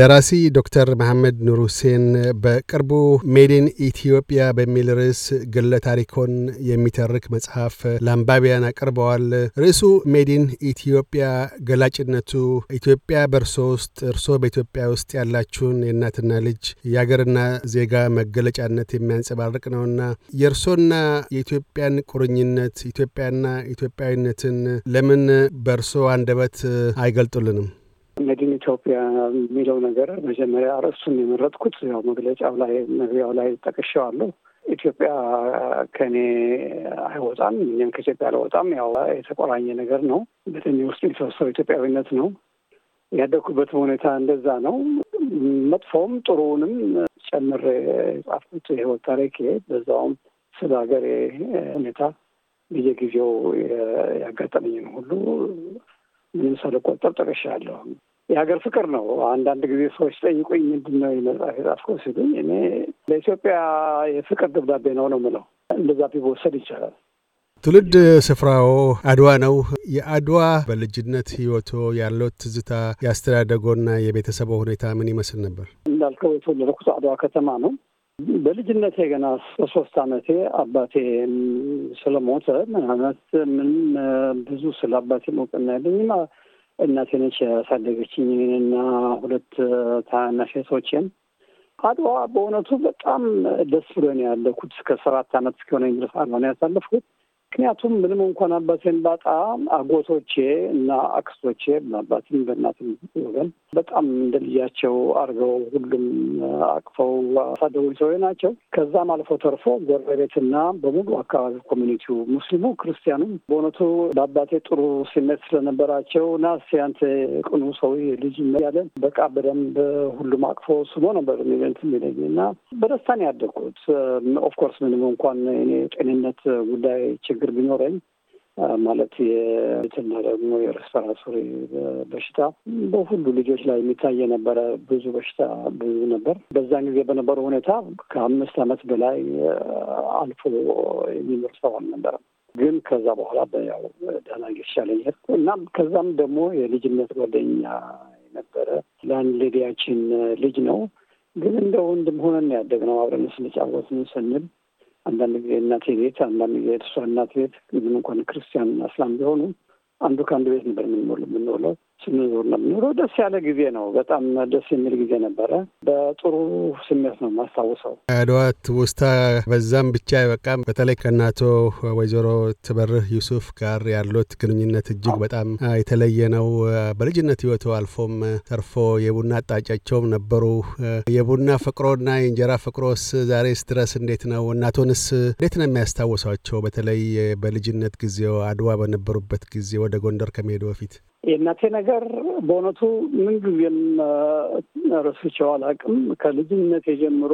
ደራሲ ዶክተር መሐመድ ኑር ሁሴን በቅርቡ ሜድን ኢትዮጵያ በሚል ርዕስ ግለ ታሪኮን የሚተርክ መጽሐፍ ለአንባቢያን አቅርበዋል። ርዕሱ ሜድን ኢትዮጵያ፣ ገላጭነቱ ኢትዮጵያ በእርሶ ውስጥ እርሶ በኢትዮጵያ ውስጥ ያላችሁን የእናትና ልጅ የአገርና ዜጋ መገለጫነት የሚያንጸባርቅ ነውና የእርሶና የኢትዮጵያን ቁርኝነት ኢትዮጵያና ኢትዮጵያዊነትን ለምን በእርሶ አንደበት አይገልጡልንም? ኢትዮጵያ የሚለው ነገር መጀመሪያ ርዕሱን የመረጥኩት ያው መግለጫው ላይ መግቢያው ላይ ጠቅሼዋለሁ። ኢትዮጵያ ከኔ አይወጣም፣ እኛም ከኢትዮጵያ አልወጣም። ያው የተቆራኘ ነገር ነው። በደሜ ውስጥ የተወሰው ኢትዮጵያዊነት ነው። ያደግኩበትም ሁኔታ እንደዛ ነው። መጥፎውም ጥሩውንም ጨምር የጻፍኩት የህይወት ታሪክ በዛውም ስለ ሀገሬ ሁኔታ በየጊዜው ያጋጠመኝን ሁሉ ምንም ሳልቆጠብ ጠቅሻለሁ። የሀገር ፍቅር ነው። አንዳንድ ጊዜ ሰዎች ጠይቁኝ ምንድን ነው መጽሐፍ የጻፍከው ሲሉኝ እኔ ለኢትዮጵያ የፍቅር ደብዳቤ ነው ነው የምለው። እንደዛ ቢወሰድ ይቻላል። ትውልድ ስፍራው አድዋ ነው። የአድዋ በልጅነት ህይወቶ ያለው ትዝታ የአስተዳደጎና የቤተሰቦ ሁኔታ ምን ይመስል ነበር? እንዳልከው የተወለድኩት አድዋ ከተማ ነው። በልጅነቴ ገና በሶስት አመቴ አባቴ ስለሞተ ምን አመት ምን ብዙ ስለ አባቴ መውቅና ያለኝም እናቴ ነች ያሳደገችኝ እና ሁለት ታናሽ እህቶቼን። አድዋ በእውነቱ በጣም ደስ ነው ያለኩት እስከ ሰባት ዓመት እስከሆነ ድረስ አድዋ ነው ያሳለፍኩት። ምክንያቱም ምንም እንኳን አባቴን ባጣ አጎቶቼ እና አክስቶቼ በአባትም በእናትም ወገን በጣም እንደልጃቸው አድርገው ሁሉም አቅፈው አሳደጉ ሰው ናቸው። ከዛም አልፎ ተርፎ ጎረቤትና በሙሉ አካባቢ ኮሚኒቲው፣ ሙስሊሙ፣ ክርስቲያኑም በእውነቱ በአባቴ ጥሩ ስሜት ስለነበራቸው ና ሲያንተ ቅኑ ሰው ልጅ ያለ በቃ በደንብ ሁሉም አቅፎ ስሞ ነበር ሚቨንት የሚለኝ እና በደስታ ነው ያደግኩት። ኦፍኮርስ ምንም እንኳን እኔ ጤንነት ጉዳይ ችግር ችግር ቢኖረኝ ማለት የትና ደግሞ የሬስፓራቶሪ በሽታ በሁሉ ልጆች ላይ የሚታይ የነበረ ብዙ በሽታ ብዙ ነበር። በዛን ጊዜ በነበረው ሁኔታ ከአምስት ዓመት በላይ አልፎ የሚኖር ሰው አልነበረም። ግን ከዛ በኋላ በያው ደህና ይሻለኝ ሄድኩ እና ከዛም ደግሞ የልጅነት ጓደኛ የነበረ ለአንድ ሌዲያችን ልጅ ነው ግን እንደ ወንድም ሆነን ያደግነው አብረን ስንጫወት ስንል አንዳንድ ጊዜ እናቴ ቤት፣ አንዳንድ ጊዜ እርሷ እናት ቤት፣ ምን እንኳን ክርስቲያንና እስላም ቢሆኑ አንዱ ከአንዱ ቤት ነበር የምንውለው ስንዞር ነው ደስ ያለ ጊዜ ነው። በጣም ደስ የሚል ጊዜ ነበረ። በጥሩ ስሜት ነው የማስታውሰው። አድዋ ትውስታ በዛም ብቻ አይበቃም። በተለይ ከእናቶ ወይዘሮ ትበርህ ዩሱፍ ጋር ያሉት ግንኙነት እጅግ በጣም የተለየ ነው። በልጅነት ህይወቱ አልፎም ተርፎ የቡና አጣጫቸውም ነበሩ። የቡና ፍቅሮና የእንጀራ ፍቅሮስ ዛሬስ ድረስ እንዴት ነው? እናቶንስ እንዴት ነው የሚያስታውሷቸው? በተለይ በልጅነት ጊዜው አድዋ በነበሩበት ጊዜ ወደ ጎንደር ከመሄዱ በፊት የእናቴ ነገር በእውነቱ ምንጊዜም ረስቼው አላውቅም። ከልጅነት ጀምሮ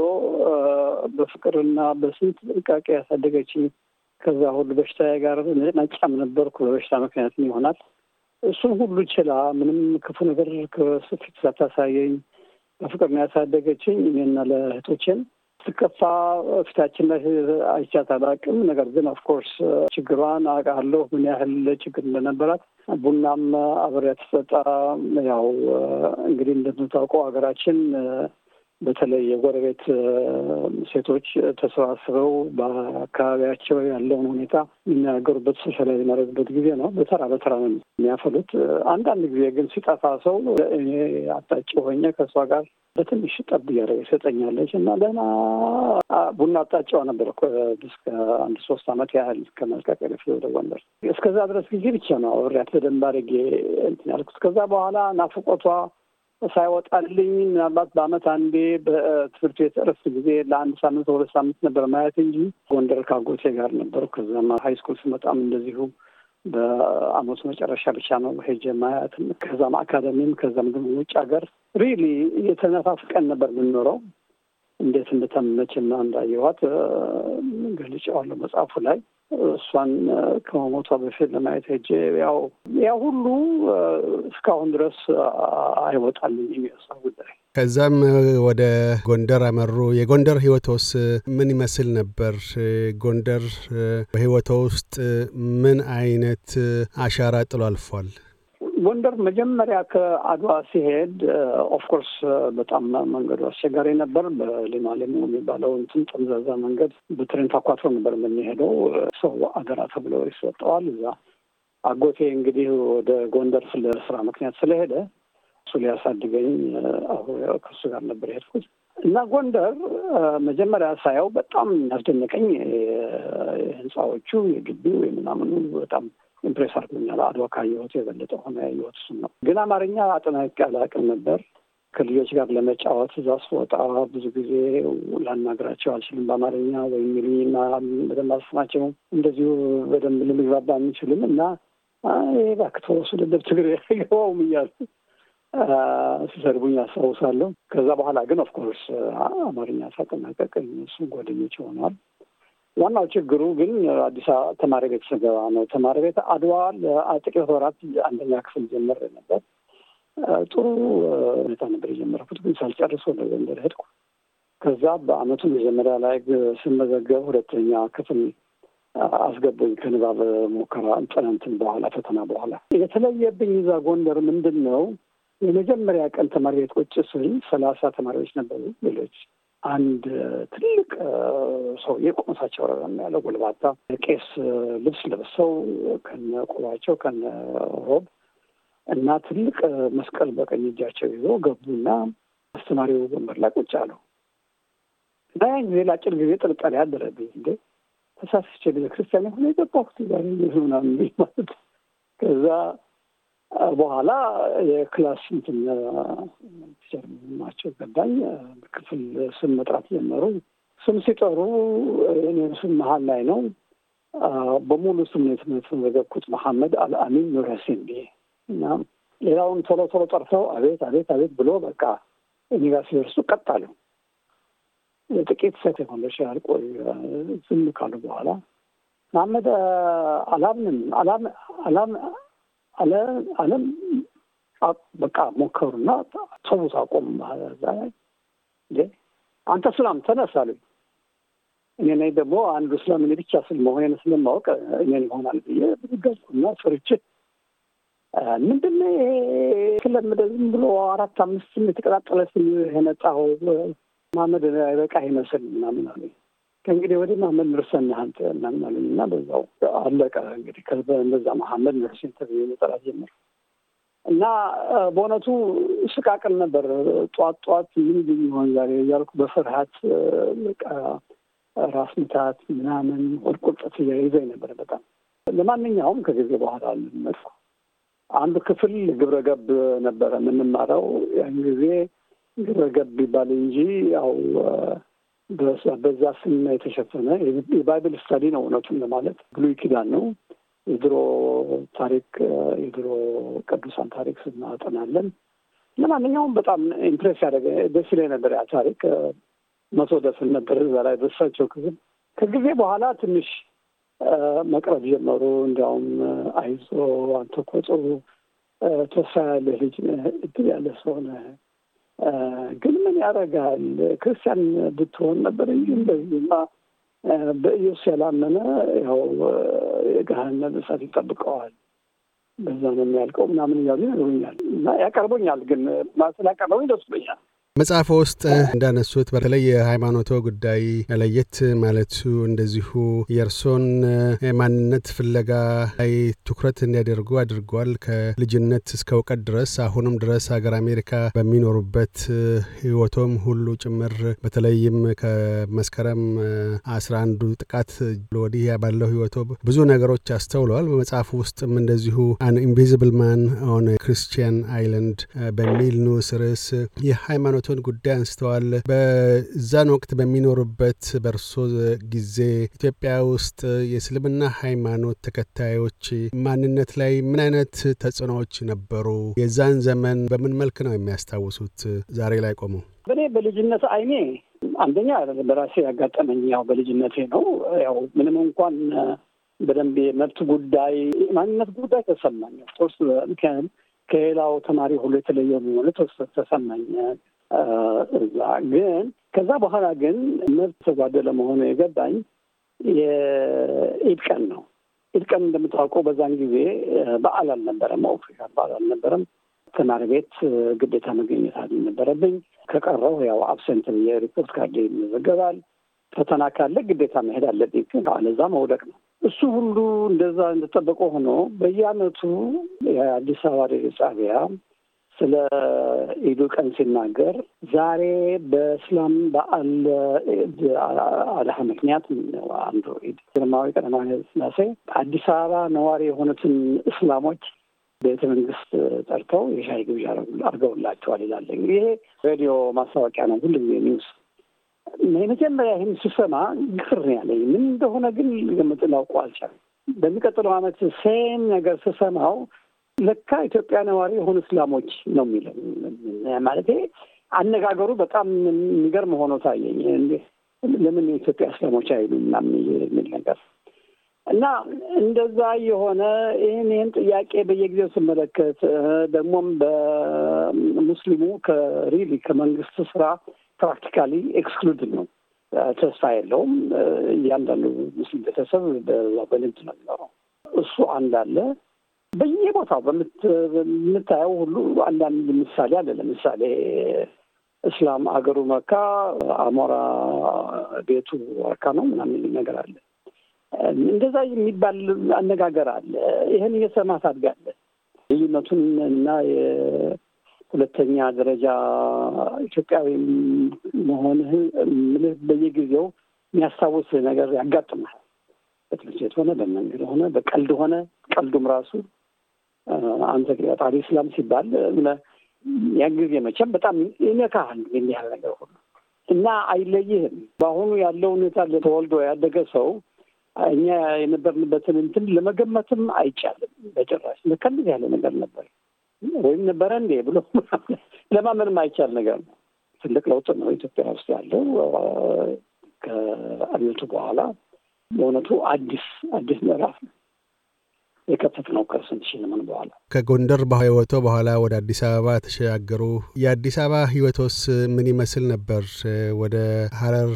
በፍቅርና በስንት ጥንቃቄ ያሳደገችኝ ከዛ ሁሉ በሽታ ጋር ነጫም ነበርኩ። በበሽታ ምክንያትም ይሆናል። እሱም ሁሉ ችላ ምንም ክፉ ነገር ከፊት ሳታሳየኝ በፍቅርና ያሳደገችኝ እኔና ለእህቶቼን ስከፋ ፊታችን ላይ አይቻት አላውቅም። ነገር ግን ኦፍኮርስ ችግሯን አውቃለሁ፣ ምን ያህል ችግር እንደነበራት። ቡናም አብሬያት ስጠጣ ያው እንግዲህ እንደምታውቀው ሀገራችን በተለይ የጎረቤት ሴቶች ተሰባስበው በአካባቢያቸው ያለውን ሁኔታ የሚናገሩበት ሶሻላይዝ የሚያደርጉበት ጊዜ ነው። በተራ በተራ ነው የሚያፈሉት። አንዳንድ ጊዜ ግን ሲጠፋ ሰው እኔ አጣጭ ሆኜ ከእሷ ጋር በትንሽ ጠብ እያደረገች ሰጠኛለች እና ደህና ቡና አጣጫዋ ነበር እስከ አንድ ሶስት ዓመት ያህል ከመልቀቅ ደፊ ወደ ጎንደር እስከዛ ድረስ ጊዜ ብቻ ነው ሪያት በደንብ አድርጌ እንትን ያልኩት። ከዛ በኋላ ናፍቆቷ ሳይወጣልኝ ምናልባት በአመት አንዴ በትምህርት ቤት እረፍት ጊዜ ለአንድ ሳምንት ሁለት ሳምንት ነበር ማየት እንጂ ጎንደር ካጎቴ ጋር ነበሩ። ከዛም ሀይ ስኩል ስመጣም እንደዚሁ በአመቱ መጨረሻ ብቻ ነው ሄጀ ማየት። ከዛም አካደሚም ከዛም ግን ውጭ ሀገር ሪሊ የተነፋፍቀን ነበር የምንኖረው። እንዴት እንደተመቸና እንዳየዋት ገልጫዋለሁ መጽሐፉ ላይ እሷን ከመሞቷ በፊት ለማየት ሄጄ ያው ያ ሁሉ እስካሁን ድረስ አይወጣልኝም የሚያሳ ጉዳይ። ከዛም ወደ ጎንደር አመሩ። የጎንደር ህይወቶስ ምን ይመስል ነበር? ጎንደር በህይወቶ ውስጥ ምን አይነት አሻራ ጥሎ አልፏል? ጎንደር መጀመሪያ ከአድዋ ሲሄድ ኦፍኮርስ uh, uh, በጣም መንገዱ አስቸጋሪ ነበር። በሌማሌሞ የሚባለው እንትን ጠምዛዛ መንገድ በትሬን ታኳትሮ ነበር የምንሄደው። ሰው አደራ ተብሎ ይሰጠዋል። እዛ አጎቴ እንግዲህ ወደ ጎንደር ስለ ስራ ምክንያት ስለሄደ እሱ ሊያሳድገኝ uh, ከሱ ጋር ነበር የሄድኩት እና ጎንደር መጀመሪያ ሳየው በጣም ያስደነቀኝ የህንፃዎቹ፣ የግቢው፣ የምናምኑ በጣም ኢምፕሬስ አድርጎኛል። አድዋ ህይወቱ የበለጠ ሆነ ህይወት እሱን ነው። ግን አማርኛ አጠናቅቄ አላውቅም ነበር። ከልጆች ጋር ለመጫወት እዛ ስወጣ ብዙ ጊዜ ላናግራቸው አልችልም በአማርኛ ወይም ሚሉኝና በደንብ አልሰማቸውም። እንደዚሁ በደንብ ልንግባባ አንችልም እና ባክቶ ስደደብ ትግሬ ገባውም እያሉ ሲሰድቡኝ አስታውሳለሁ። ከዛ በኋላ ግን ኦፍኮርስ አማርኛ ሳጠናቀቅ እሱን ጓደኞች ሆኗል። ዋናው ችግሩ ግን አዲስ አበባ ተማሪ ቤት ስገባ ነው። ተማሪ ቤት አድዋ ለጥቂት ወራት አንደኛ ክፍል ጀምር ነበር። ጥሩ ሁኔታ ነበር የጀመረኩት፣ ግን ሳልጨርስ ወደ ጎንደር ሄድኩ። ከዛ በአመቱ መጀመሪያ ላይ ስመዘገብ ሁለተኛ ክፍል አስገቡኝ ከንባብ ሙከራ ጥናንትን በኋላ ፈተና በኋላ የተለየብኝ እዛ ጎንደር ምንድን ነው የመጀመሪያ ቀን ተማሪ ቤት ቁጭ ስል ሰላሳ ተማሪዎች ነበሩ ሌሎች አንድ ትልቅ ሰውዬ የቆመሳቸው ረዘም ያለ ጎልባታ ቄስ ልብስ ለብሰው ከነ ቆባቸው ከነ ሮብ እና ትልቅ መስቀል በቀኝ እጃቸው ይዘው ገቡና አስተማሪው ወንበር ላይ ቁጭ አሉ እና ያን ጊዜ ለአጭር ጊዜ ጥርጣሬ አደረብኝ። እንዴ ተሳስቼ ቤተክርስቲያን ሆነ የገባሁት ምናምን ማለት ከዛ በኋላ የክላስ እንትን ቲቸር ናቸው ገዳኝ ክፍል ስም መጥራት ጀመሩ። ስም ሲጠሩ እኔም ስም መሀል ላይ ነው በሙሉ ስም ነው የትምህርት መሐመድ አልአሚን ኑር ሐሴን ብዬ እና ሌላውን ቶሎ ቶሎ ጠርተው አቤት አቤት አቤት ብሎ በቃ እኔ ጋር ሲደርሱ ቀጥ አሉ። ጥቂት ሴኮንዶች ያህል ቆዩ። ዝም ካሉ በኋላ መሐመድ አላምንም አላም አለ አለም በቃ ሞከሩና ሰቡት አቆም እዛ ላይ አንተ ስላም ተነስ አሉኝ። እኔ ነኝ ደግሞ አንዱ ስላም እኔ ብቻ ስል መሆኔን ስለማወቅ እኔን ይሆናል ብዬ ብትገልጽና ፈርቼ ምንድን ነው ዝም ብሎ አራት አምስት የተቀጣጠለ ስም የነጣው ማመድ አይበቃ ይመስል ምናምን አሉኝ። ከእንግዲህ ወዲህ መሐመድ ምርሰን ሀንት አሉኝ እና በዛው አለቀ። እንግዲህ በዛ መሐመድ ኑርሴን ተብዬ መጠራት ጀምር እና በእውነቱ ስቃቅል ነበር። ጧት ጧት ምንድን ይሆን ዛሬ እያልኩ በፍርሀት በፍርሃት ራስ ምታት ምናምን ሆድ ቁርጠት ይዘኝ ነበር በጣም ለማንኛውም ከጊዜ በኋላ ልመጽ አንዱ ክፍል ግብረ ገብ ነበረ የምንማረው ያን ጊዜ ግብረ ገብ ይባል እንጂ ያው በዛ ስና የተሸፈነ የባይብል ስታዲ ነው። እውነቱን ለማለት ብሉይ ኪዳን ነው። የድሮ ታሪክ የድሮ ቅዱሳን ታሪክ ስናጠናለን። ለማንኛውም በጣም ኢምፕሬስ ያደረገ ደስ ይለኝ ነበር ያ ታሪክ መቶ ደፍን ነበር እዛ ላይ በሳቸው ክፍል። ከጊዜ በኋላ ትንሽ መቅረብ ጀመሩ። እንዲያውም አይዞ አንተ እኮ ጥሩ ተስፋ ያለህ ልጅ ነህ፣ እድል ያለህ ሰው ነህ ግን ምን ያደርጋል ክርስቲያን ብትሆን ነበር እንጂ እንደዚህማ በኢየሱስ ያላመነ ያው የገሃነም እሳት ይጠብቀዋል፣ በዛ ነው የሚያልቀው ምናምን እያሉ ይነግሩኛል። እና ያቀርቦኛል ግን ስላቀረቡኝ ደስ ብሎኛል። መጽሐፎ ውስጥ እንዳነሱት በተለይ የሃይማኖቶ ጉዳይ ለየት ማለቱ እንደዚሁ የእርሶን ማንነት ፍለጋ ላይ ትኩረት እንዲያደርጉ አድርጓል። ከልጅነት እስከ እውቀት ድረስ አሁንም ድረስ ሀገር አሜሪካ በሚኖሩበት ህይወቶም ሁሉ ጭምር በተለይም ከመስከረም አስራ አንዱ ጥቃት ወዲህ ባለው ህይወቶ ብዙ ነገሮች አስተውለዋል። በመጽሐፉ ውስጥም እንደዚሁ አን ኢንቪዚብል ማን ኦን ክርስቲያን አይላንድ በሚል ንዑስ ርዕስ የህይወቱን ጉዳይ አንስተዋል። በዛን ወቅት በሚኖሩበት በእርሶ ጊዜ ኢትዮጵያ ውስጥ የእስልምና ሃይማኖት ተከታዮች ማንነት ላይ ምን አይነት ተጽዕኖዎች ነበሩ? የዛን ዘመን በምን መልክ ነው የሚያስታውሱት? ዛሬ ላይ ቆመው በእኔ በልጅነት አይኔ አንደኛ በራሴ ያጋጠመኝ ያው በልጅነቴ ነው። ያው ምንም እንኳን በደንብ የመብት ጉዳይ ማንነት ጉዳይ ተሰማኝ ርስ ምክንያቱም ከሌላው ተማሪ ሁሉ የተለየ መሆኑ ተሰማኝ። እዛ ግን ከዛ በኋላ ግን መብት ተጓደለ መሆኑ የገባኝ የኢድ ቀን ነው። ኢድ ቀን እንደምታውቀው በዛን ጊዜ በዓል አልነበረም፣ ኦፊሻል በዓል አልነበረም። ተማሪ ቤት ግዴታ መገኘት አልነበረብኝ። ከቀረው ያው አብሰንት የሪፖርት ካርድ ይመዘገባል። ፈተና ካለ ግዴታ መሄድ አለብኝ። አለዛ መውደቅ ነው። እሱ ሁሉ እንደዛ እንደጠበቀ ሆኖ በየአመቱ የአዲስ አበባ ሬዲዮ ጣቢያ ስለ ኢዱ ቀን ሲናገር ዛሬ በእስላም በዓል አድሃ ምክንያት አንዱ ኢድ ግርማዊ ቀዳማዊ ስላሴ አዲስ አበባ ነዋሪ የሆኑትን እስላሞች ቤተ መንግስት ጠርተው የሻይ ግብዣ አድርገውላቸዋል ይላለ። ይሄ ሬዲዮ ማስታወቂያ ነው። ሁሉም ኒውስ የመጀመሪያ ይህን ስሰማ ግር ያለኝ። ምን እንደሆነ ግን ልገምጥ ላውቀው አልቻልኩም። በሚቀጥለው ዓመት ሴም ነገር ስሰማው ለካ ኢትዮጵያ ነዋሪ የሆኑ እስላሞች ነው የሚለው ማለት አነጋገሩ በጣም የሚገርም ሆኖ ታየኝ። ለምን የኢትዮጵያ እስላሞች አይሉ ምናምን የሚል ነገር እና እንደዛ የሆነ ይህን ይህን ጥያቄ በየጊዜው ስመለከት ደግሞም በሙስሊሙ ከሪሊ ከመንግስት ስራ ፕራክቲካሊ ኤክስክሉድድ ነው። ተስፋ የለውም። እያንዳንዱ ሙስሊም ቤተሰብ በንግድ ነው የሚኖረው። እሱ አንድ አለ። በየቦታው በምታየው ሁሉ አንዳንድ ምሳሌ አለ። ለምሳሌ እስላም አገሩ መካ፣ አሞራ ቤቱ ዋርካ ነው ምናምን ነገር አለ። እንደዛ የሚባል አነጋገር አለ። ይህን እየሰማ ታድጋለህ። ልዩነቱን እና ሁለተኛ ደረጃ ኢትዮጵያዊ መሆንህ ምልህ በየጊዜው የሚያስታውስ ነገር ያጋጥማል። በትምህርት ቤት ሆነ በመንገድ ሆነ በቀልድ ሆነ ቀልዱም ራሱ አንተ ጣሪ ስላም ሲባል ያን ጊዜ መቼም በጣም ይነካል የሚያህል ነገር ሁሉ እና አይለይህም። በአሁኑ ያለው ሁኔታ ተወልዶ ያደገ ሰው እኛ የነበርንበትን እንትን ለመገመትም አይቻልም በጭራሽ። ከእንደዚህ ያለ ነገር ነበር። ወይም ነበረ እንዴ ብሎ ለማመን የማይቻል ነገር ነው። ትልቅ ለውጥ ነው ኢትዮጵያ ውስጥ ያለው ከአብዮቱ በኋላ በእውነቱ አዲስ አዲስ ምዕራፍ ነው። የከፈትነው ከስንት ሺህ ዘመን በኋላ ከጎንደር ህይወቶ በኋላ ወደ አዲስ አበባ ተሸጋገሩ። የአዲስ አበባ ህይወቶስ ምን ይመስል ነበር? ወደ ሀረር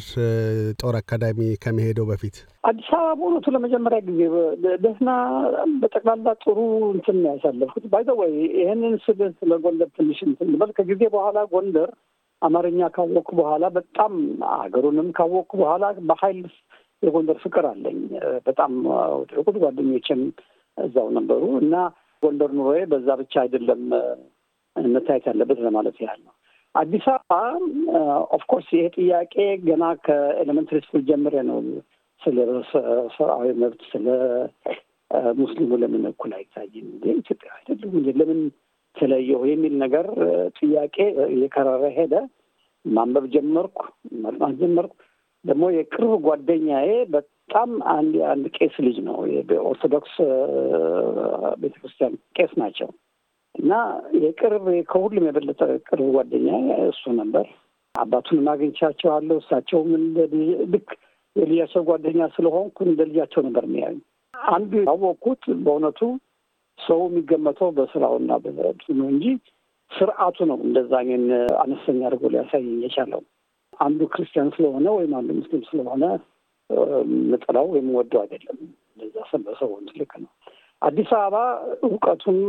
ጦር አካዳሚ ከመሄደው በፊት አዲስ አበባ በእውነቱ ለመጀመሪያ ጊዜ ደህና በጠቅላላ ጥሩ እንትን ያሳለፍኩት ባይዘወይ ይህንን ስል ስለጎንደር ትንሽ እንትን ልበል። ከጊዜ በኋላ ጎንደር አማርኛ ካወቅኩ በኋላ በጣም አገሩንም ካወቅኩ በኋላ በሀይል የጎንደር ፍቅር አለኝ። በጣም ወደቁት ጓደኞችም እዛው ነበሩ እና ጎንደር ኑሮዬ በዛ ብቻ አይደለም መታየት ያለበት ለማለት ያህል ነው። አዲስ አበባ ኦፍኮርስ ይሄ ጥያቄ ገና ከኤሌመንትሪ ስኩል ጀምሬ ነው ስለ ሰብአዊ መብት ስለ ሙስሊሙ ለምን እኩል አይታይም እ ኢትዮጵያ አይደለም እ ለምን ተለየሁ የሚል ነገር ጥያቄ እየከረረ ሄደ። ማንበብ ጀመርኩ፣ ማጥናት ጀመርኩ። ደግሞ የቅርብ ጓደኛዬ በጣም አንድ አንድ ቄስ ልጅ ነው በኦርቶዶክስ ቤተክርስቲያን ቄስ ናቸው እና የቅርብ ከሁሉም የበለጠ ቅርብ ጓደኛ እሱ ነበር። አባቱንም አግኝቻቸዋለሁ። እሳቸውም ልክ የልጃቸው ጓደኛ ስለሆንኩ እንደ ልጃቸው ነበር የሚያዩ። አንዱ ያወቅኩት በእውነቱ ሰው የሚገመተው በስራውና በቱ ነው እንጂ ስርዓቱ ነው እንደዛ እኔን አነስተኛ አድርጎ ሊያሳየኝ የቻለው። አንዱ ክርስቲያን ስለሆነ ወይም አንዱ ሙስሊም ስለሆነ ምጥላው ወይም ወደው አይደለም። ለዛ ሰው ልክ ነው። አዲስ አበባ እውቀቱን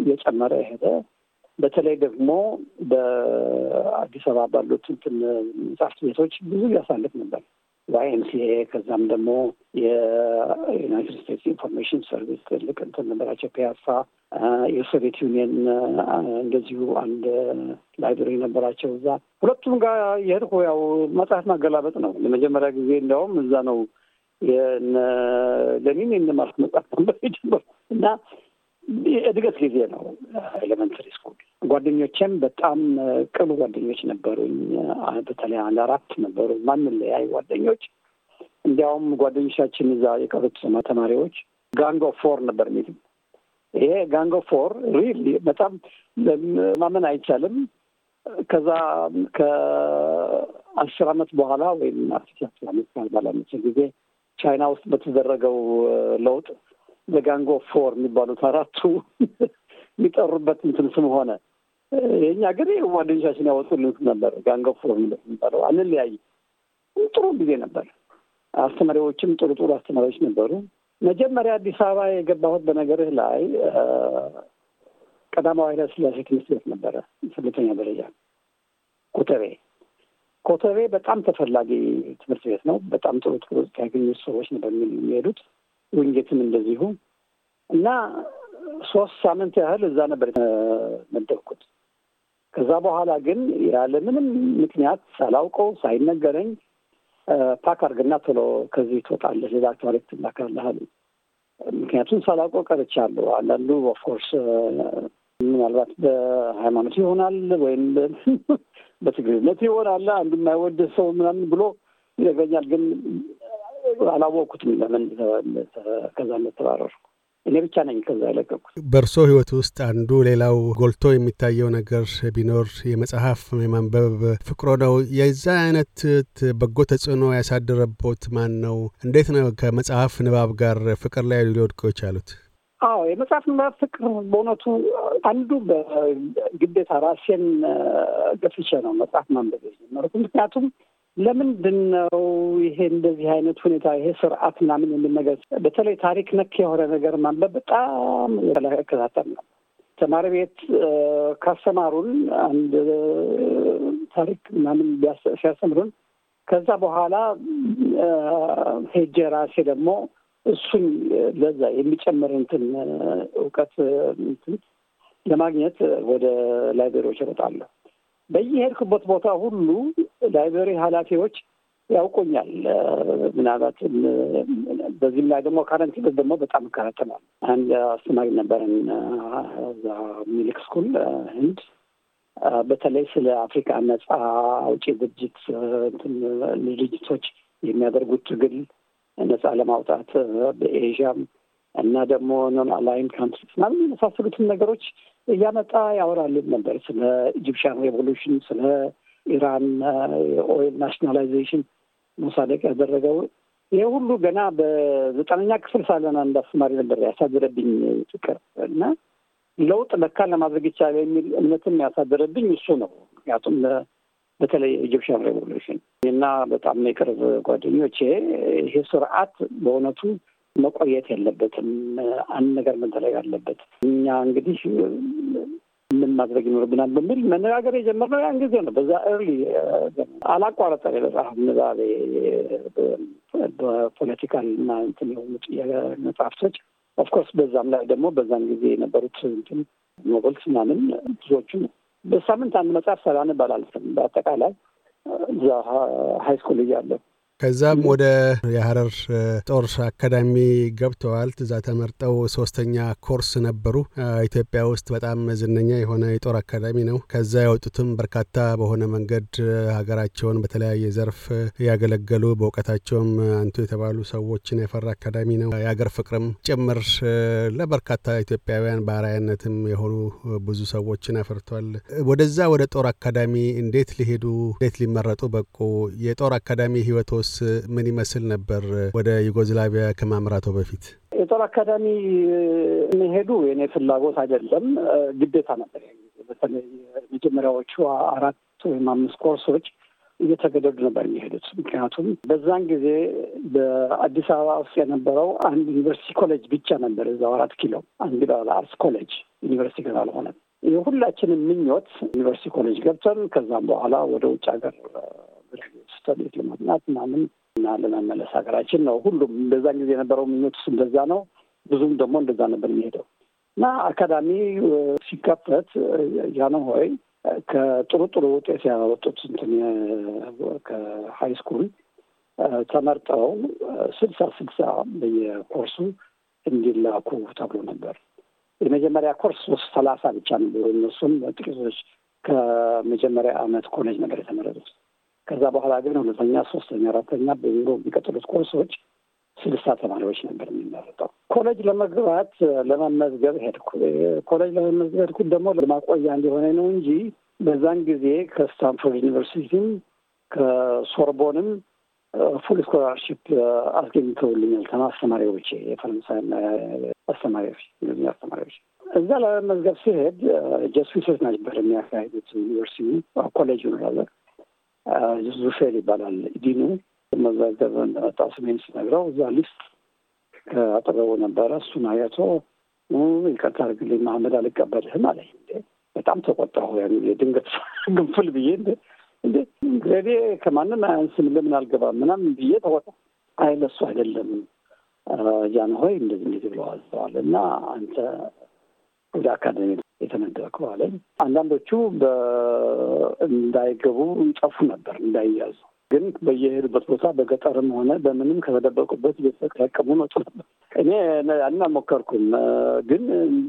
እየጨመረ ሄደ። በተለይ ደግሞ በአዲስ አበባ ባሉት እንትን መጽሐፍት ቤቶች ብዙ ያሳልፍ ነበር። ዋይኤምሲኤ ከዛም ደግሞ የዩናይትድ ስቴትስ ኢንፎርሜሽን ሰርቪስ ትልቅ እንትን ነበራቸው። ፒያሳ፣ የሶቪየት ዩኒየን እንደዚሁ አንድ ላይብረሪ ነበራቸው። እዛ ሁለቱም ጋር የሄድኩ ያው መጽሐፍ ማገላበጥ ነው። ለመጀመሪያ ጊዜ እንዲያውም እዛ ነው ለሚን የእነ መጽሐፍ ነበር የጀመርኩት እና የእድገት ጊዜ ነው ኤሌመንተሪ ስኩል። ጓደኞቼም በጣም ቅሉ ጓደኞች ነበሩኝ። በተለይ አንድ አራት ነበሩ ማንለያይ ጓደኞች። እንዲያውም ጓደኞቻችን እዛ የቀሩት ተማሪዎች ጋንጎ ፎር ነበር ሚል ይሄ ጋንጎ ፎር ሪል በጣም ማመን አይቻልም። ከዛ ከአስር አመት በኋላ ወይም አስር አመት ባላነሰ ጊዜ ቻይና ውስጥ በተደረገው ለውጥ ለጋንጎ ፎር የሚባሉት አራቱ የሚጠሩበት እንትን ስም ሆነ። የኛ ግን ጓደኞቻችን ያወጡልን ነበር ጋንጎ ፎር የሚባለው አንለያይ። ጥሩ ጊዜ ነበር። አስተማሪዎችም ጥሩ ጥሩ አስተማሪዎች ነበሩ። መጀመሪያ አዲስ አበባ የገባሁት በነገርህ ላይ ቀዳማዊ ኃይለ ሥላሴ ትምህርት ቤት ነበረ፣ ስምንተኛ ደረጃ ኮተቤ። ኮተቤ በጣም ተፈላጊ ትምህርት ቤት ነው። በጣም ጥሩ ጥሩ ያገኙት ሰዎች ነበር የሚሄዱት። ዊንጌትም እንደዚሁ እና ሶስት ሳምንት ያህል እዛ ነበር መደብኩት። ከዛ በኋላ ግን ያለምንም ምክንያት ሳላውቀው ሳይነገረኝ ፓክ አድርግና ቶሎ ከዚህ ትወጣለህ፣ ሌላ ቶሬት ትላካለህ አሉ። ምክንያቱም ሳላውቀው ቀርቻለሁ። አንዳንዱ ኦፍኮርስ ምናልባት በሃይማኖት ይሆናል ወይም በትግሬነት ይሆናል አንዱ የማይወደድ ሰው ምናምን ብሎ ይነግረኛል። ግን አላወቅኩትም ለምን ከዛ እንደተባረርኩ። እኔ ብቻ ነኝ ከዛ ያለቀኩት። በእርሶ ህይወት ውስጥ አንዱ ሌላው ጎልቶ የሚታየው ነገር ቢኖር የመጽሐፍ የማንበብ ፍቅሮ ነው። የዛ አይነት በጎ ተጽዕኖ ያሳደረቦት ማን ነው? እንዴት ነው ከመጽሐፍ ንባብ ጋር ፍቅር ላይ ሊወድቁ የቻሉት? አዎ የመጽሐፍ ንባብ ፍቅር በእውነቱ አንዱ በግዴታ ራሴን ገፍቼ ነው መጽሐፍ ማንበብ የጀመርኩ። ምክንያቱም ለምንድን ነው ይሄ እንደዚህ አይነት ሁኔታ ይሄ ስርዓት ምናምን የሚል ነገር በተለይ ታሪክ ነክ የሆነ ነገር ማንበብ በጣም የተከታተል ነው። ተማሪ ቤት ካስተማሩን አንድ ታሪክ ምናምን ሲያስተምሩን ከዛ በኋላ ሄጄ ራሴ ደግሞ እሱን ለዛ የሚጨምር እንትን እውቀት እንትን ለማግኘት ወደ ላይብሬሪዎች እሮጣለሁ። በየሄድኩበት ቦታ ሁሉ ላይብረሪ ኃላፊዎች ያውቁኛል። ምናልባት በዚህም ላይ ደግሞ ከረንቲ ደግሞ በጣም እከታተላለሁ። አንድ አስተማሪ ነበረን እዛ ሚልክ ስኩል ህንድ በተለይ ስለ አፍሪካ ነጻ አውጪ ድርጅት ድርጅቶች የሚያደርጉት ትግል ነጻ ለማውጣት በኤዥያም እና ደግሞ ኖን አላይን ካንትሪስ ምናምን የመሳሰሉትን ነገሮች እያመጣ ያወራልን ነበር። ስለ ኢጂፕሽያን ሬቮሉሽን፣ ስለ ኢራን የኦይል ናሽናላይዜሽን መሳደቅ ያደረገው ይሄ ሁሉ ገና በዘጠነኛ ክፍል ሳለን አንድ አስተማሪ ነበር ያሳደረብኝ ፍቅር እና ለውጥ ለካ ለማድረግ ይቻላል የሚል እምነትም ያሳደረብኝ እሱ ነው። ምክንያቱም በተለይ ኢጂፕሽያን ሬቮሉሽን እና በጣም የቅርብ ጓደኞቼ ይሄ ስርዓት በእውነቱ መቆየት የለበትም። አንድ ነገር መደረግ አለበት። እኛ እንግዲህ ምን ማድረግ ይኖርብናል በሚል መነጋገር የጀመርነው ያን ጊዜ ነው። በዛ እርሊ አላቋረጠ የመጽሐፍ ንባቤ በፖለቲካል እና እንትን የሆኑት መጽሐፍቶች ኦፍኮርስ በዛም ላይ ደግሞ በዛን ጊዜ የነበሩት እንትን ኖቨልስ ምናምን ብዙዎቹን በሳምንት አንድ መጽሐፍ ሰላን አላልፍም። በአጠቃላይ እዛ ሀይ ስኩል እያለሁ ከዛም ወደ የሀረር ጦር አካዳሚ ገብተዋል። እዛ ተመርጠው ሶስተኛ ኮርስ ነበሩ። ኢትዮጵያ ውስጥ በጣም ዝነኛ የሆነ የጦር አካዳሚ ነው። ከዛ የወጡትም በርካታ በሆነ መንገድ ሀገራቸውን በተለያየ ዘርፍ ያገለገሉ በእውቀታቸውም አንቱ የተባሉ ሰዎችን ያፈራ አካዳሚ ነው። የሀገር ፍቅርም ጭምር ለበርካታ ኢትዮጵያውያን በአርአያነትም የሆኑ ብዙ ሰዎችን አፍርቷል። ወደዛ ወደ ጦር አካዳሚ እንዴት ሊሄዱ እንዴት ሊመረጡ በቁ? የጦር አካዳሚ ህይወት ምን ይመስል ነበር ወደ ዩጎዝላቪያ ከማምራቶ በፊት? የጦር አካዳሚ መሄዱ የኔ ፍላጎት አይደለም፣ ግዴታ ነበር። በተለይ መጀመሪያዎቹ አራት ወይም አምስት ኮርሶች እየተገደዱ ነበር የሚሄዱት። ምክንያቱም በዛን ጊዜ በአዲስ አበባ ውስጥ የነበረው አንድ ዩኒቨርሲቲ ኮሌጅ ብቻ ነበር እዛው አራት ኪሎ አንግዳ አርስ ኮሌጅ ዩኒቨርሲቲ ገና አልሆነም። የሁላችንም ምኞት ዩኒቨርሲቲ ኮሌጅ ገብተን ከዛም በኋላ ወደ ውጭ ሀገር ስተቤት ለማጥናት ምናምን እና ለመመለስ ሀገራችን ነው። ሁሉም እንደዛን ጊዜ የነበረው ምኞቱስ እንደዛ ነው። ብዙም ደግሞ እንደዛ ነበር የሚሄደው እና አካዳሚ ሲከፈት ያነው ሆይ ከጥሩ ጥሩ ውጤት ያወጡት እንትን ከሀይ ስኩል ተመርጠው ስልሳ ስልሳ በየኮርሱ እንዲላኩ ተብሎ ነበር። የመጀመሪያ ኮርስ ውስጥ ሰላሳ ብቻ ነበሩ። እነሱም ጥቂቶች ከመጀመሪያ አመት ኮሌጅ ነበር የተመረጡት። ከዛ በኋላ ግን ሁለተኛ፣ ሶስተኛ፣ አራተኛ በቢሮ የሚቀጥሉት ኮርሶች ስልሳ ተማሪዎች ነበር የሚመረጠው። ኮሌጅ ለመግባት ለመመዝገብ ሄድኩ። ኮሌጅ ለመመዝገብ ሄድኩት ደግሞ ለማቆያ እንዲሆነ ነው እንጂ በዛን ጊዜ ከስታንፎርድ ዩኒቨርሲቲም ከሶርቦንም ፉል ስኮላርሽፕ አስገኝተውልኛል። ከማስተማሪዎች የፈረንሳይና አስተማሪዎች እንግሊዝኛ አስተማሪዎች እዛ ለመመዝገብ ሲሄድ ጀስዊቶች ነበር የሚያካሄዱት ዩኒቨርሲቲ ኮሌጅ ይኖራለ ዙፌር ይባላል። ዲኑ መዘገብ እንደመጣ ስሜን ስነግረው እዛ ሊስት አጠገቡ ነበረ። እሱን አያቶ ይቅርታ አድርግልኝ መሐመድ አልቀበልህም አለኝ። በጣም ተቆጣሁ። ያን የድንገት ግንፍል ብዬ እንደ ግሬዴ ከማንም አያንስም ለምን አልገባም ምናምን ብዬ ተቆጣ። አይ ለሱ አይደለም ጃንሆይ እንደዚህ እንደዚህ ብለዋል እና አንተ ወደ አካደሚ የተመደበ ከኋላ አንዳንዶቹ እንዳይገቡ እንጨፉ ነበር እንዳይያዙ ግን በየሄዱበት ቦታ በገጠርም ሆነ በምንም ከተደበቁበት ቤተሰብ ያቀሙ መጡ ነበር። እኔ ያንን አልሞከርኩም፣ ግን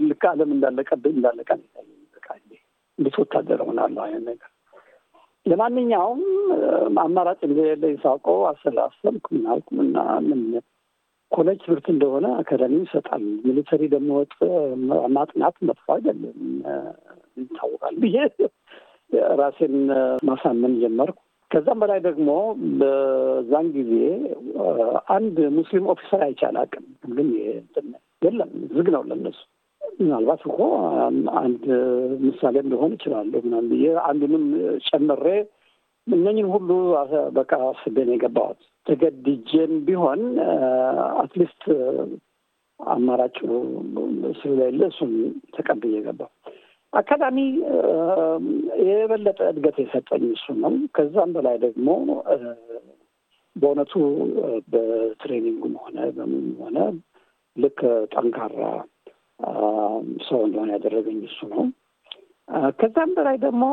ልክ ዓለም እንዳለቀብኝ እንዳለቀ እንዴት ወታደር ሆናለሁ አይነት ነገር። ለማንኛውም አማራጭ እንደሌለኝ ሳውቀው አሰላሰልኩ ምናልኩ እና ምን ኮሌጅ ትምህርት እንደሆነ አካዳሚ ይሰጣል። ሚሊተሪ ደግሞ ማጥናት መጥፎ አይደለም ይታወቃል ብዬ ራሴን ማሳመን ጀመርኩ። ከዛም በላይ ደግሞ በዛን ጊዜ አንድ ሙስሊም ኦፊሰር አይቻል አቅም ግን የለም ዝግ ነው ለነሱ። ምናልባት እኮ አንድ ምሳሌ እንደሆን ይችላሉ ምናምን ብዬ አንዱንም ጨምሬ እነኝን ሁሉ በቃ ስቤን የገባሁት ተገድጄም ቢሆን አትሊስት አማራጭ ስለሌለ እሱም ተቀብዬ ገባሁ። አካዳሚ የበለጠ እድገት የሰጠኝ እሱ ነው። ከዛም በላይ ደግሞ በእውነቱ በትሬኒንግም ሆነ በምንም ሆነ ልክ ጠንካራ ሰው እንደሆነ ያደረገኝ እሱ ነው። ከዛም በላይ ደግሞ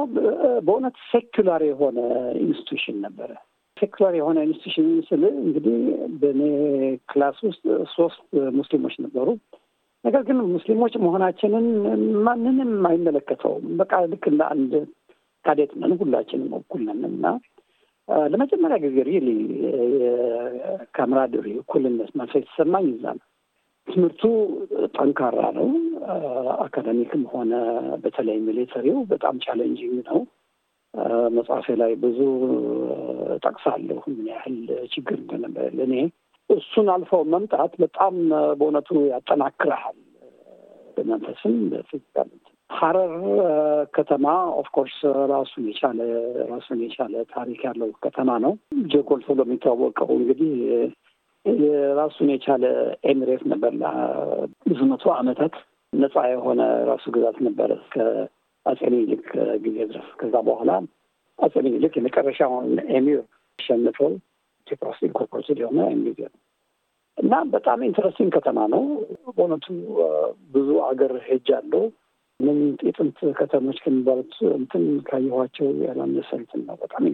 በእውነት ሴኩላር የሆነ ኢንስቲቱሽን ነበረ። ሴኩላር የሆነ ኢንስቲቱሽን ስል እንግዲህ በእኔ ክላስ ውስጥ ሶስት ሙስሊሞች ነበሩ። ነገር ግን ሙስሊሞች መሆናችንን ማንንም አይመለከተውም። በቃ ልክ እንደ አንድ ካዴት ነን፣ ሁላችንም እኩል ነን እና ለመጀመሪያ ጊዜ ሪሊ የካምራድሪ እኩልነት መንፈስ የተሰማኝ እዛ ነው። ትምህርቱ ጠንካራ ነው። አካደሚክም ሆነ በተለይ ሚሊተሪው በጣም ቻለንጂንግ ነው። መጽሐፌ ላይ ብዙ ጠቅሳለሁ ምን ያህል ችግር እንደነበር። እኔ እሱን አልፈው መምጣት በጣም በእውነቱ ያጠናክረሃል በመንፈስም በፊዚካል። ሀረር ከተማ ኦፍኮርስ ራሱን የቻለ ራሱን የቻለ ታሪክ ያለው ከተማ ነው። ጀጎል ተብሎ የሚታወቀው እንግዲህ የራሱን የቻለ ኤሚሬት ነበር። ብዙ መቶ አመታት ነፃ የሆነ ራሱ ግዛት ነበረ እስከ አጼ ሚኒልክ ጊዜ ድረስ ከዛ በኋላ አጼ ሚኒልክ የመጨረሻውን ኤሚር አሸንፈው ኢትዮጵያ ውስጥ ኢንኮርፖሬትድ የሆነ ኤሚር ነው እና በጣም ኢንትረስቲንግ ከተማ ነው። በእውነቱ ብዙ አገር ሄጃለሁ። ምን የጥንት ከተሞች ከሚባሉት እንትን ካየኋቸው ያላነሰ እንትን ነው። በጣም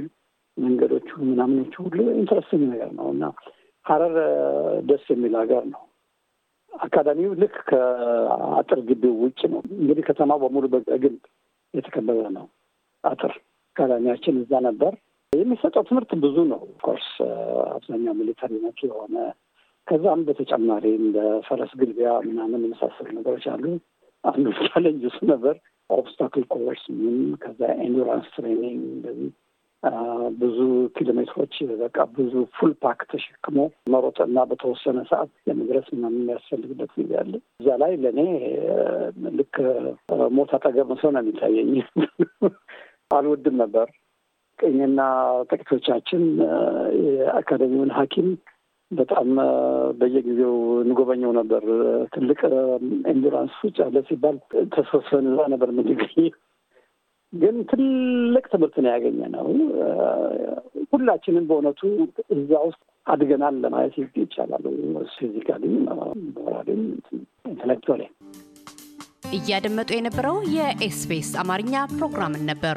መንገዶቹ ምናምኖቹ ሁሉ ኢንትረስቲንግ ነገር ነው እና ሀረር ደስ የሚል ሀገር ነው። አካዳሚው ልክ ከአጥር ግቢው ውጭ ነው። እንግዲህ ከተማ በሙሉ በግንብ የተከበበ ነው አጥር። አካዳሚያችን እዛ ነበር። የሚሰጠው ትምህርት ብዙ ነው። ኮርስ አብዛኛው ሚሊተሪ ነክ የሆነ ከዛም በተጨማሪ እንደ ፈረስ ግልቢያ ምናምን የመሳሰሉ ነገሮች አሉ። አንዱ ቻለንጅ ነበር ኦብስታክል ኮርስ ምን፣ ከዛ ኤንዱራንስ ትሬኒንግ እንደዚህ ብዙ ኪሎሜትሮች በቃ ብዙ ፉል ፓክ ተሸክሞ መሮጥ እና በተወሰነ ሰዓት የመድረስ ምናምን የሚያስፈልግበት ጊዜ አለ። እዛ ላይ ለእኔ ልክ ሞት አጠገብ ሰው ነው የሚታየኝ። አልወድም ነበር። ቀኝና ጥቂቶቻችን የአካደሚውን ሐኪም በጣም በየጊዜው እንጎበኘው ነበር። ትልቅ ኢንዱራንስ ውጭ አለ ሲባል ተሰብስበን እዛ ነበር የምንገኘው። ግን ትልቅ ትምህርት ነው ነው። ሁላችንም በእውነቱ እዛ ውስጥ አድገናል ለማለት ይቻላል። ፊዚካሊ፣ ሞራሊም፣ ኢንተሌክቹዋሊ። እያደመጡ የነበረው የኤስቢኤስ አማርኛ ፕሮግራምን ነበር።